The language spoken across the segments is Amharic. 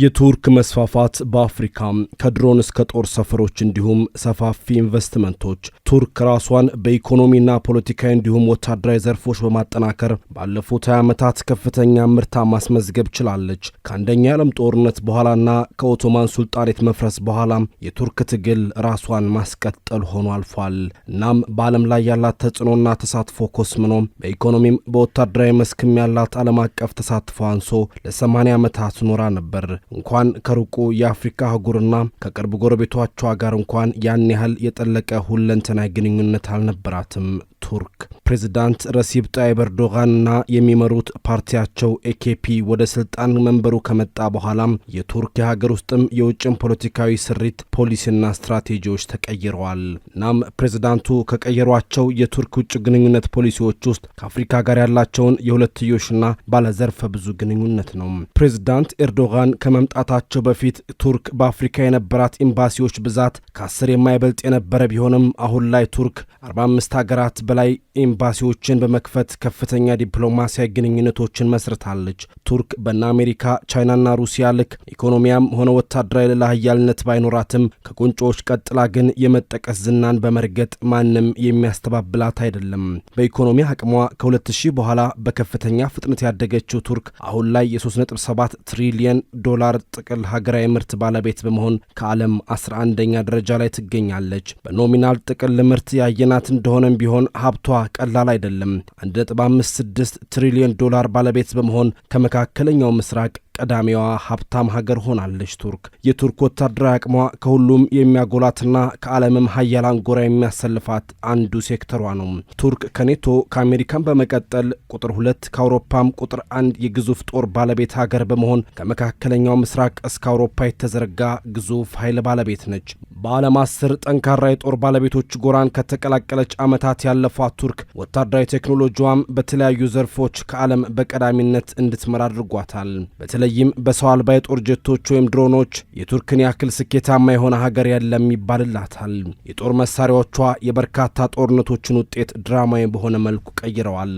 የቱርክ መስፋፋት በአፍሪካ ከድሮን እስከ ጦር ሰፈሮች እንዲሁም ሰፋፊ ኢንቨስትመንቶች ቱርክ ራሷን በኢኮኖሚና ፖለቲካዊ እንዲሁም ወታደራዊ ዘርፎች በማጠናከር ባለፉት 20 ዓመታት ከፍተኛ ምርታ ማስመዝገብ ችላለች። ከአንደኛ የዓለም ጦርነት በኋላና ከኦቶማን ሱልጣኔት መፍረስ በኋላ የቱርክ ትግል ራሷን ማስቀጠል ሆኖ አልፏል። እናም በዓለም ላይ ያላት ተጽዕኖና ተሳትፎ ኮስምኖ በኢኮኖሚም በወታደራዊ መስክም ያላት ዓለም አቀፍ ተሳትፎ አንሶ ለ80 ዓመታት ኖራ ነበር። እንኳን ከሩቁ የአፍሪካ አህጉርና ከቅርብ ጎረቤቶቿ ጋር እንኳን ያን ያህል የጠለቀ ሁለንተናዊ ግንኙነት አልነበራትም ቱርክ ፕሬዚዳንት ረሲብ ጣይብ ኤርዶጋንና የሚመሩት ፓርቲያቸው ኤኬፒ ወደ ስልጣን መንበሩ ከመጣ በኋላም የቱርክ የሀገር ውስጥም የውጭም ፖለቲካዊ ስሪት ፖሊሲና ስትራቴጂዎች ተቀይረዋል። እናም ፕሬዚዳንቱ ከቀየሯቸው የቱርክ ውጭ ግንኙነት ፖሊሲዎች ውስጥ ከአፍሪካ ጋር ያላቸውን የሁለትዮሽና ባለዘርፈ ብዙ ግንኙነት ነው። ፕሬዚዳንት ኤርዶጋን ከመምጣታቸው በፊት ቱርክ በአፍሪካ የነበራት ኤምባሲዎች ብዛት ከአስር የማይበልጥ የነበረ ቢሆንም አሁን ላይ ቱርክ 45 ሀገራት በላይ ኤምባሲዎችን በመክፈት ከፍተኛ ዲፕሎማሲያዊ ግንኙነቶችን መስርታለች። ቱርክ በነ አሜሪካ፣ ቻይናና ሩሲያ ልክ ኢኮኖሚያም ሆነ ወታደራዊ ሌላ ኃያልነት ባይኖራትም ከቁንጮዎች ቀጥላ ግን የመጠቀስ ዝናን በመርገጥ ማንም የሚያስተባብላት አይደለም። በኢኮኖሚ አቅሟ ከ2000 በኋላ በከፍተኛ ፍጥነት ያደገችው ቱርክ አሁን ላይ የ3.7 ትሪሊየን ዶላር ጥቅል ሀገራዊ ምርት ባለቤት በመሆን ከዓለም 11ኛ ደረጃ ላይ ትገኛለች። በኖሚናል ጥቅል ምርት ያየናት እንደሆነም ቢሆን ሀብቷ ቀል ቀላል አይደለም። 1.56 ትሪሊዮን ዶላር ባለቤት በመሆን ከመካከለኛው ምስራቅ ቀዳሚዋ ሀብታም ሀገር ሆናለች። ቱርክ የቱርክ ወታደራዊ አቅሟ ከሁሉም የሚያጎላትና ከዓለምም ሀያላን ጎራ የሚያሰልፋት አንዱ ሴክተሯ ነው። ቱርክ ከኔቶ ከአሜሪካን በመቀጠል ቁጥር ሁለት ከአውሮፓም ቁጥር አንድ የግዙፍ ጦር ባለቤት ሀገር በመሆን ከመካከለኛው ምስራቅ እስከ አውሮፓ የተዘረጋ ግዙፍ ኃይል ባለቤት ነች። በዓለም አስር ጠንካራ የጦር ባለቤቶች ጎራን ከተቀላቀለች ዓመታት ያለፏት ቱርክ ወታደራዊ ቴክኖሎጂዋም በተለያዩ ዘርፎች ከዓለም በቀዳሚነት እንድትመራ አድርጓታል። በተለይም በሰው አልባ የጦር ጀቶች ወይም ድሮኖች የቱርክን ያክል ስኬታማ የሆነ ሀገር የለም ይባልላታል። የጦር መሳሪያዎቿ የበርካታ ጦርነቶችን ውጤት ድራማዊ በሆነ መልኩ ቀይረዋል።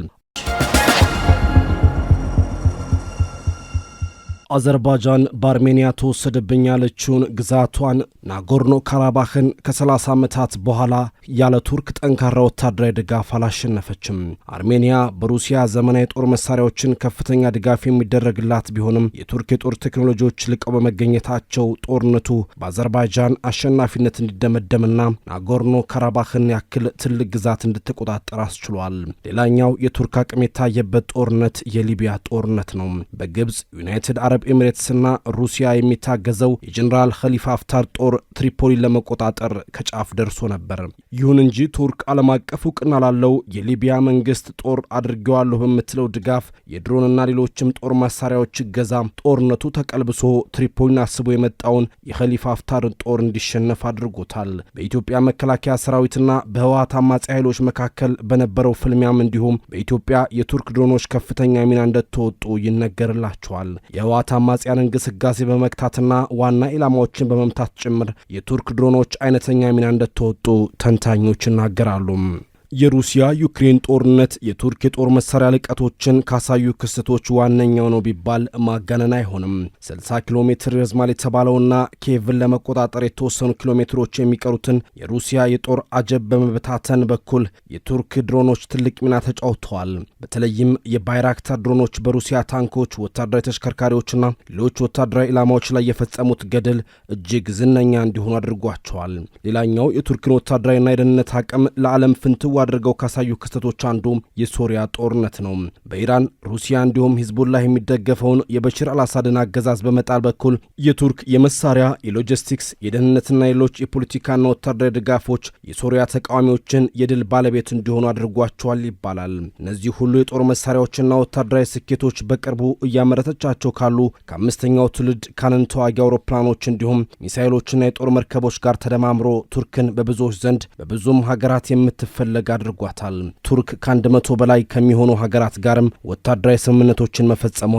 አዘርባጃን በአርሜኒያ ተወሰደብኝ ያለችውን ግዛቷን ናጎርኖ ካራባህን ከ30 ዓመታት በኋላ ያለ ቱርክ ጠንካራ ወታደራዊ ድጋፍ አላሸነፈችም። አርሜኒያ በሩሲያ ዘመናዊ የጦር መሳሪያዎችን ከፍተኛ ድጋፍ የሚደረግላት ቢሆንም የቱርክ የጦር ቴክኖሎጂዎች ልቀው በመገኘታቸው ጦርነቱ በአዘርባጃን አሸናፊነት እንዲደመደምና ናጎርኖ ካራባህን ያክል ትልቅ ግዛት እንድትቆጣጠር አስችሏል። ሌላኛው የቱርክ አቅም የታየበት ጦርነት የሊቢያ ጦርነት ነው። በግብፅ ዩናይትድ አረብ አረብ ኤሚሬትስና ሩሲያ የሚታገዘው የጀኔራል ኸሊፋ አፍታር ጦር ትሪፖሊን ለመቆጣጠር ከጫፍ ደርሶ ነበር። ይሁን እንጂ ቱርክ ዓለም አቀፍ እውቅና ላለው የሊቢያ መንግስት ጦር አድርጌዋለሁ በምትለው ድጋፍ የድሮንና ሌሎችም ጦር መሳሪያዎች እገዛ ጦርነቱ ተቀልብሶ ትሪፖሊን አስቦ የመጣውን የኸሊፋ አፍታር ጦር እንዲሸነፍ አድርጎታል። በኢትዮጵያ መከላከያ ሰራዊትና በህወሀት አማጺ ኃይሎች መካከል በነበረው ፍልሚያም እንዲሁም በኢትዮጵያ የቱርክ ድሮኖች ከፍተኛ ሚና እንደተወጡ ይነገርላቸዋል። የህወሀት አማጽያን ግስጋሴ በመግታትና ዋና ኢላማዎችን በመምታት ጭምር የቱርክ ድሮኖች አይነተኛ ሚና እንደተወጡ ተንታኞች ይናገራሉ። የሩሲያ ዩክሬን ጦርነት የቱርክ የጦር መሳሪያ ልቀቶችን ካሳዩ ክስተቶች ዋነኛው ነው ቢባል ማጋነን አይሆንም። 60 ኪሎ ሜትር ይረዝማል የተባለውና ኬቭን ለመቆጣጠር የተወሰኑ ኪሎ ሜትሮች የሚቀሩትን የሩሲያ የጦር አጀብ በመበታተን በኩል የቱርክ ድሮኖች ትልቅ ሚና ተጫውተዋል። በተለይም የባይራክታር ድሮኖች በሩሲያ ታንኮች፣ ወታደራዊ ተሽከርካሪዎችና ሌሎች ወታደራዊ ኢላማዎች ላይ የፈጸሙት ገድል እጅግ ዝነኛ እንዲሆኑ አድርጓቸዋል። ሌላኛው የቱርክን ወታደራዊና የደህንነት አቅም ለዓለም ፍንትዋ አድርገው ካሳዩ ክስተቶች አንዱ የሶሪያ ጦርነት ነው። በኢራን ሩሲያ፣ እንዲሁም ሂዝቡላህ የሚደገፈውን የበሽር አልአሳድን አገዛዝ በመጣል በኩል የቱርክ የመሳሪያ የሎጂስቲክስ፣ የደህንነትና ሌሎች የፖለቲካና ወታደራዊ ድጋፎች የሶሪያ ተቃዋሚዎችን የድል ባለቤት እንዲሆኑ አድርጓቸዋል ይባላል። እነዚህ ሁሉ የጦር መሳሪያዎችና ወታደራዊ ስኬቶች በቅርቡ እያመረተቻቸው ካሉ ከአምስተኛው ትውልድ ካንን ተዋጊ አውሮፕላኖች እንዲሁም ሚሳይሎችና የጦር መርከቦች ጋር ተደማምሮ ቱርክን በብዙዎች ዘንድ በብዙም ሀገራት የምትፈለግ አድርጓታል። ቱርክ ከአንድ መቶ በላይ ከሚሆኑ ሀገራት ጋርም ወታደራዊ ስምምነቶችን መፈጸሟ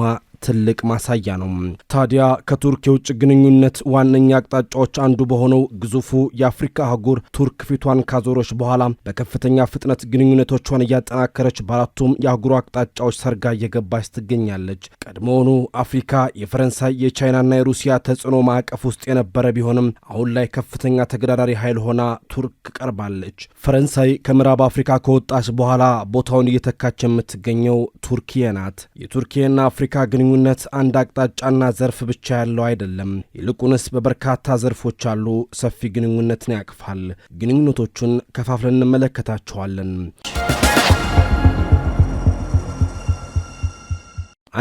ትልቅ ማሳያ ነው። ታዲያ ከቱርክ የውጭ ግንኙነት ዋነኛ አቅጣጫዎች አንዱ በሆነው ግዙፉ የአፍሪካ አህጉር ቱርክ ፊቷን ካዞሮች በኋላ በከፍተኛ ፍጥነት ግንኙነቶቿን እያጠናከረች በአራቱም የአህጉሩ አቅጣጫዎች ሰርጋ እየገባች ትገኛለች። ቀድሞውኑ አፍሪካ የፈረንሳይ የቻይናና የሩሲያ ተጽዕኖ ማዕቀፍ ውስጥ የነበረ ቢሆንም አሁን ላይ ከፍተኛ ተገዳዳሪ ኃይል ሆና ቱርክ ቀርባለች። ፈረንሳይ ከምዕራብ አፍሪካ ከወጣች በኋላ ቦታውን እየተካች የምትገኘው ቱርኪየ ናት። የቱርኪየና አፍሪካ ግንኙ ግንኙነት አንድ አቅጣጫና ዘርፍ ብቻ ያለው አይደለም። ይልቁንስ በበርካታ ዘርፎች አሉ፣ ሰፊ ግንኙነትን ያቅፋል። ግንኙነቶቹን ከፋፍለን እንመለከታቸዋለን።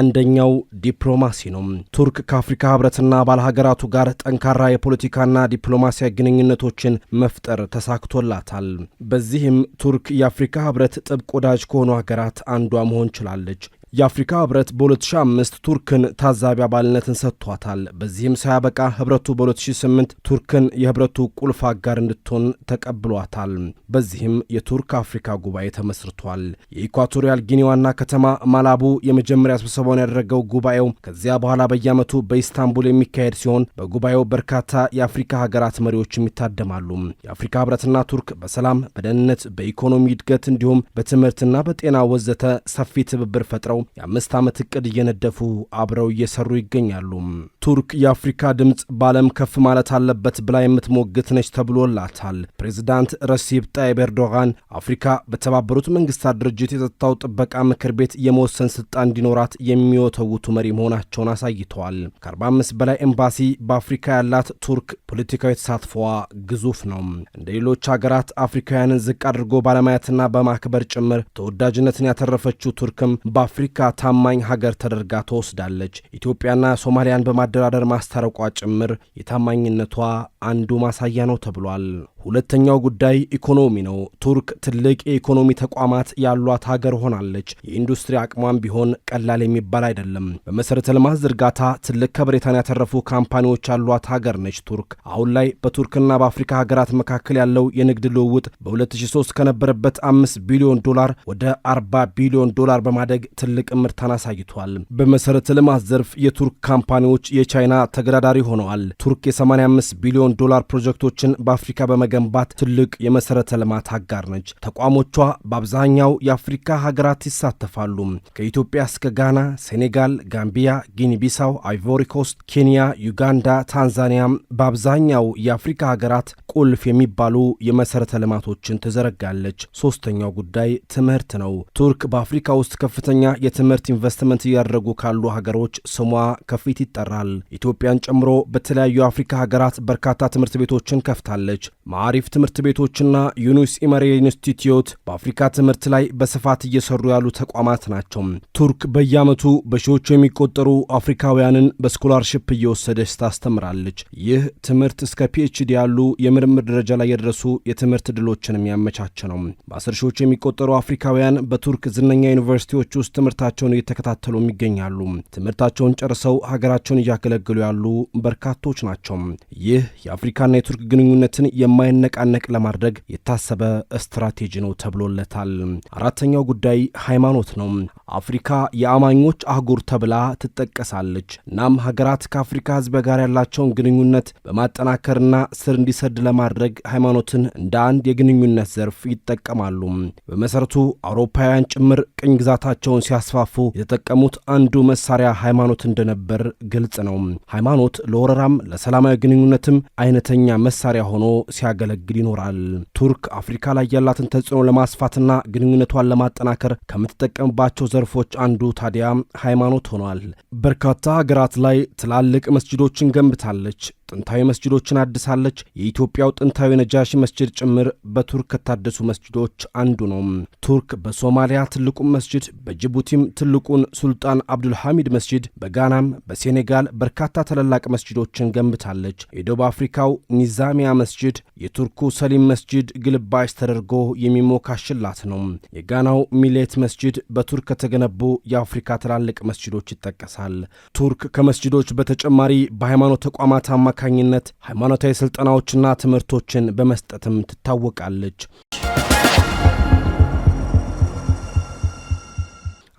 አንደኛው ዲፕሎማሲ ነው። ቱርክ ከአፍሪካ ህብረትና ባለሀገራቱ ሀገራቱ ጋር ጠንካራ የፖለቲካና ዲፕሎማሲያዊ ግንኙነቶችን መፍጠር ተሳክቶላታል። በዚህም ቱርክ የአፍሪካ ህብረት ጥብቅ ወዳጅ ከሆኑ ሀገራት አንዷ መሆን ችላለች። የአፍሪካ ህብረት በ2005 ቱርክን ታዛቢ አባልነትን ሰጥቷታል። በዚህም ሳያበቃ ህብረቱ በ2008 ቱርክን የህብረቱ ቁልፍ አጋር እንድትሆን ተቀብሏታል። በዚህም የቱርክ አፍሪካ ጉባኤ ተመስርቷል። የኢኳቶሪያል ጊኒ ዋና ከተማ ማላቡ የመጀመሪያ ስብሰባውን ያደረገው ጉባኤው ከዚያ በኋላ በየዓመቱ በኢስታንቡል የሚካሄድ ሲሆን በጉባኤው በርካታ የአፍሪካ ሀገራት መሪዎችም ይታደማሉ። የአፍሪካ ህብረትና ቱርክ በሰላም፣ በደህንነት፣ በኢኮኖሚ እድገት እንዲሁም በትምህርትና በጤና ወዘተ ሰፊ ትብብር ፈጥረው የአምስት ዓመት እቅድ እየነደፉ አብረው እየሰሩ ይገኛሉ። ቱርክ የአፍሪካ ድምፅ በዓለም ከፍ ማለት አለበት ብላ የምትሞግት ነች ተብሎላታል። ፕሬዚዳንት ረሲብ ጣይብ ኤርዶጋን አፍሪካ በተባበሩት መንግስታት ድርጅት የጸጥታው ጥበቃ ምክር ቤት የመወሰን ስልጣን እንዲኖራት የሚወተውቱ መሪ መሆናቸውን አሳይተዋል። ከ45 በላይ ኤምባሲ በአፍሪካ ያላት ቱርክ ፖለቲካዊ ተሳትፎዋ ግዙፍ ነው። እንደ ሌሎች ሀገራት አፍሪካውያንን ዝቅ አድርጎ ባለማየትና በማክበር ጭምር ተወዳጅነትን ያተረፈችው ቱርክም በአፍሪካ አፍሪካ ታማኝ ሀገር ተደርጋ ተወስዳለች። ኢትዮጵያና ሶማሊያን በማደራደር ማስታረቋ ጭምር የታማኝነቷ አንዱ ማሳያ ነው ተብሏል። ሁለተኛው ጉዳይ ኢኮኖሚ ነው። ቱርክ ትልቅ የኢኮኖሚ ተቋማት ያሏት ሀገር ሆናለች። የኢንዱስትሪ አቅሟም ቢሆን ቀላል የሚባል አይደለም። በመሠረተ ልማት ዝርጋታ ትልቅ ከብሬታን ያተረፉ ካምፓኒዎች ያሏት ሀገር ነች ቱርክ። አሁን ላይ በቱርክና በአፍሪካ ሀገራት መካከል ያለው የንግድ ልውውጥ በ2003 ከነበረበት 5 ቢሊዮን ዶላር ወደ 40 ቢሊዮን ዶላር በማደግ ትልቅ ትልቅ ምርታን አሳይቷል። በመሰረተ ልማት ዘርፍ የቱርክ ካምፓኒዎች የቻይና ተገዳዳሪ ሆነዋል። ቱርክ የ85 ቢሊዮን ዶላር ፕሮጀክቶችን በአፍሪካ በመገንባት ትልቅ የመሰረተ ልማት አጋር ነች። ተቋሞቿ በአብዛኛው የአፍሪካ ሀገራት ይሳተፋሉ። ከኢትዮጵያ እስከ ጋና፣ ሴኔጋል፣ ጋምቢያ፣ ጊኒቢሳው፣ ቢሳው፣ አይቮሪኮስት፣ ኬንያ፣ ዩጋንዳ፣ ታንዛኒያ በአብዛኛው የአፍሪካ ሀገራት ቁልፍ የሚባሉ የመሰረተ ልማቶችን ትዘረጋለች። ሶስተኛው ጉዳይ ትምህርት ነው። ቱርክ በአፍሪካ ውስጥ ከፍተኛ የ የትምህርት ኢንቨስትመንት እያደረጉ ካሉ ሀገሮች ስሟ ከፊት ይጠራል። ኢትዮጵያን ጨምሮ በተለያዩ የአፍሪካ ሀገራት በርካታ ትምህርት ቤቶችን ከፍታለች። ማዕሪፍ ትምህርት ቤቶችና ዩኒስ ኢመሬ ኢንስቲትዩት በአፍሪካ ትምህርት ላይ በስፋት እየሰሩ ያሉ ተቋማት ናቸው። ቱርክ በየዓመቱ በሺዎች የሚቆጠሩ አፍሪካውያንን በስኮላርሽፕ እየወሰደች ታስተምራለች። ይህ ትምህርት እስከ ፒኤችዲ ያሉ የምርምር ደረጃ ላይ የደረሱ የትምህርት ድሎችን የሚያመቻች ነው። በአስር ሺዎች የሚቆጠሩ አፍሪካውያን በቱርክ ዝነኛ ዩኒቨርሲቲዎች ውስጥ ትምህርት ትምህርታቸውን እየተከታተሉም ይገኛሉ። ትምህርታቸውን ጨርሰው ሀገራቸውን እያገለገሉ ያሉ በርካቶች ናቸው። ይህ የአፍሪካና የቱርክ ግንኙነትን የማይነቃነቅ ለማድረግ የታሰበ ስትራቴጂ ነው ተብሎለታል። አራተኛው ጉዳይ ሃይማኖት ነው። አፍሪካ የአማኞች አህጉር ተብላ ትጠቀሳለች። እናም ሀገራት ከአፍሪካ ሕዝብ ጋር ያላቸውን ግንኙነት በማጠናከርና ስር እንዲሰድ ለማድረግ ሃይማኖትን እንደ አንድ የግንኙነት ዘርፍ ይጠቀማሉ። በመሰረቱ አውሮፓውያን ጭምር ቅኝ ግዛታቸውን ሲያስፋፉ የተጠቀሙት አንዱ መሳሪያ ሃይማኖት እንደነበር ግልጽ ነው። ሃይማኖት ለወረራም ለሰላማዊ ግንኙነትም አይነተኛ መሳሪያ ሆኖ ሲያገለግል ይኖራል። ቱርክ አፍሪካ ላይ ያላትን ተጽዕኖ ለማስፋትና ግንኙነቷን ለማጠናከር ከምትጠቀምባቸው ዘርፎች አንዱ ታዲያ ሃይማኖት ሆኗል። በርካታ ሀገራት ላይ ትላልቅ መስጅዶችን ገንብታለች። ጥንታዊ መስጅዶችን አድሳለች። የኢትዮጵያው ጥንታዊ ነጃሺ መስጅድ ጭምር በቱርክ ከታደሱ መስጅዶች አንዱ ነው። ቱርክ በሶማሊያ ትልቁን መስጅድ፣ በጅቡቲም ትልቁን ሱልጣን አብዱልሐሚድ መስጅድ፣ በጋናም በሴኔጋል በርካታ ታላላቅ መስጅዶችን ገንብታለች። የደቡብ አፍሪካው ኒዛሚያ መስጅድ የቱርኩ ሰሊም መስጅድ ግልባጭ ተደርጎ የሚሞካሽላት ነው። የጋናው ሚሌት መስጅድ በቱርክ ከተገነቡ የአፍሪካ ትላልቅ መስጅዶች ይጠቀሳል። ቱርክ ከመስጅዶች በተጨማሪ በሃይማኖት ተቋማት አማካ አማካኝነት ሃይማኖታዊ ሥልጠናዎችና ትምህርቶችን በመስጠትም ትታወቃለች።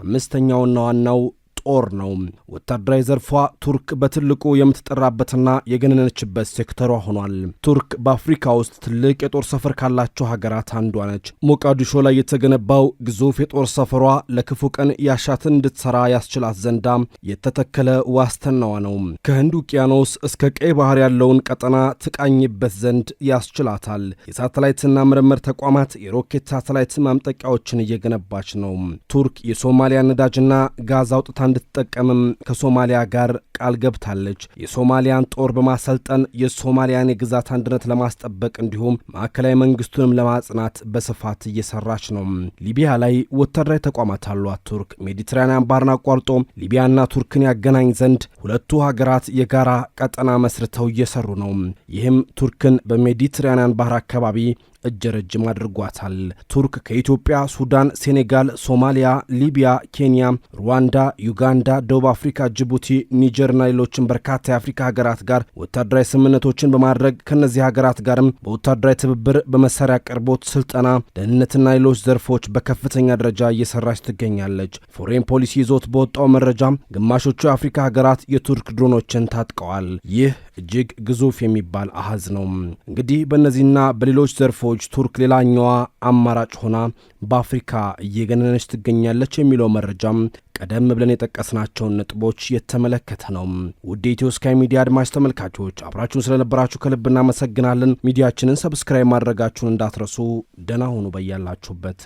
አምስተኛውና ዋናው ጦር ነው። ወታደራዊ ዘርፏ ቱርክ በትልቁ የምትጠራበትና የገነነችበት ሴክተሯ ሆኗል። ቱርክ በአፍሪካ ውስጥ ትልቅ የጦር ሰፈር ካላቸው ሀገራት አንዷ ነች። ሞቃዲሾ ላይ የተገነባው ግዙፍ የጦር ሰፈሯ ለክፉ ቀን ያሻትን እንድትሰራ ያስችላት ዘንዳ የተተከለ ዋስትናዋ ነው። ከህንድ ውቅያኖስ እስከ ቀይ ባህር ያለውን ቀጠና ትቃኝበት ዘንድ ያስችላታል። የሳተላይትና ምርምር ተቋማት የሮኬት ሳተላይት ማምጠቂያዎችን እየገነባች ነው። ቱርክ የሶማሊያ ነዳጅና ጋዝ አውጥታ እንድትጠቀምም ከሶማሊያ ጋር ቃል ገብታለች። የሶማሊያን ጦር በማሰልጠን የሶማሊያን የግዛት አንድነት ለማስጠበቅ እንዲሁም ማዕከላዊ መንግስቱንም ለማጽናት በስፋት እየሰራች ነው። ሊቢያ ላይ ወታደራዊ ተቋማት አሏት። ቱርክ ሜዲትራኒያን ባህርን አቋርጦ ሊቢያና ቱርክን ያገናኝ ዘንድ ሁለቱ ሀገራት የጋራ ቀጠና መስርተው እየሰሩ ነው። ይህም ቱርክን በሜዲትራኒያን ባህር አካባቢ እጅ ረጅም አድርጓታል። ቱርክ ከኢትዮጵያ፣ ሱዳን፣ ሴኔጋል፣ ሶማሊያ፣ ሊቢያ፣ ኬንያ፣ ሩዋንዳ፣ ዩጋንዳ፣ ደቡብ አፍሪካ፣ ጅቡቲ፣ ኒጀርና ሌሎችን በርካታ የአፍሪካ ሀገራት ጋር ወታደራዊ ስምምነቶችን በማድረግ ከእነዚህ ሀገራት ጋርም በወታደራዊ ትብብር፣ በመሳሪያ አቅርቦት፣ ስልጠና፣ ደህንነትና ሌሎች ዘርፎች በከፍተኛ ደረጃ እየሰራች ትገኛለች። ፎሬን ፖሊሲ ይዞት በወጣው መረጃ ግማሾቹ የአፍሪካ ሀገራት የቱርክ ድሮኖችን ታጥቀዋል። ይህ እጅግ ግዙፍ የሚባል አሃዝ ነው። እንግዲህ በእነዚህና በሌሎች ዘርፎች ሰዎች ቱርክ ሌላኛዋ አማራጭ ሆና በአፍሪካ እየገነነች ትገኛለች የሚለው መረጃም ቀደም ብለን የጠቀስናቸውን ነጥቦች የተመለከተ ነው። ውድ ኢትዮ ስካይ ሚዲያ አድማጭ ተመልካቾች አብራችሁን ስለነበራችሁ ከልብ እናመሰግናለን። ሚዲያችንን ሰብስክራይብ ማድረጋችሁን እንዳትረሱ። ደህና ሁኑ በያላችሁበት።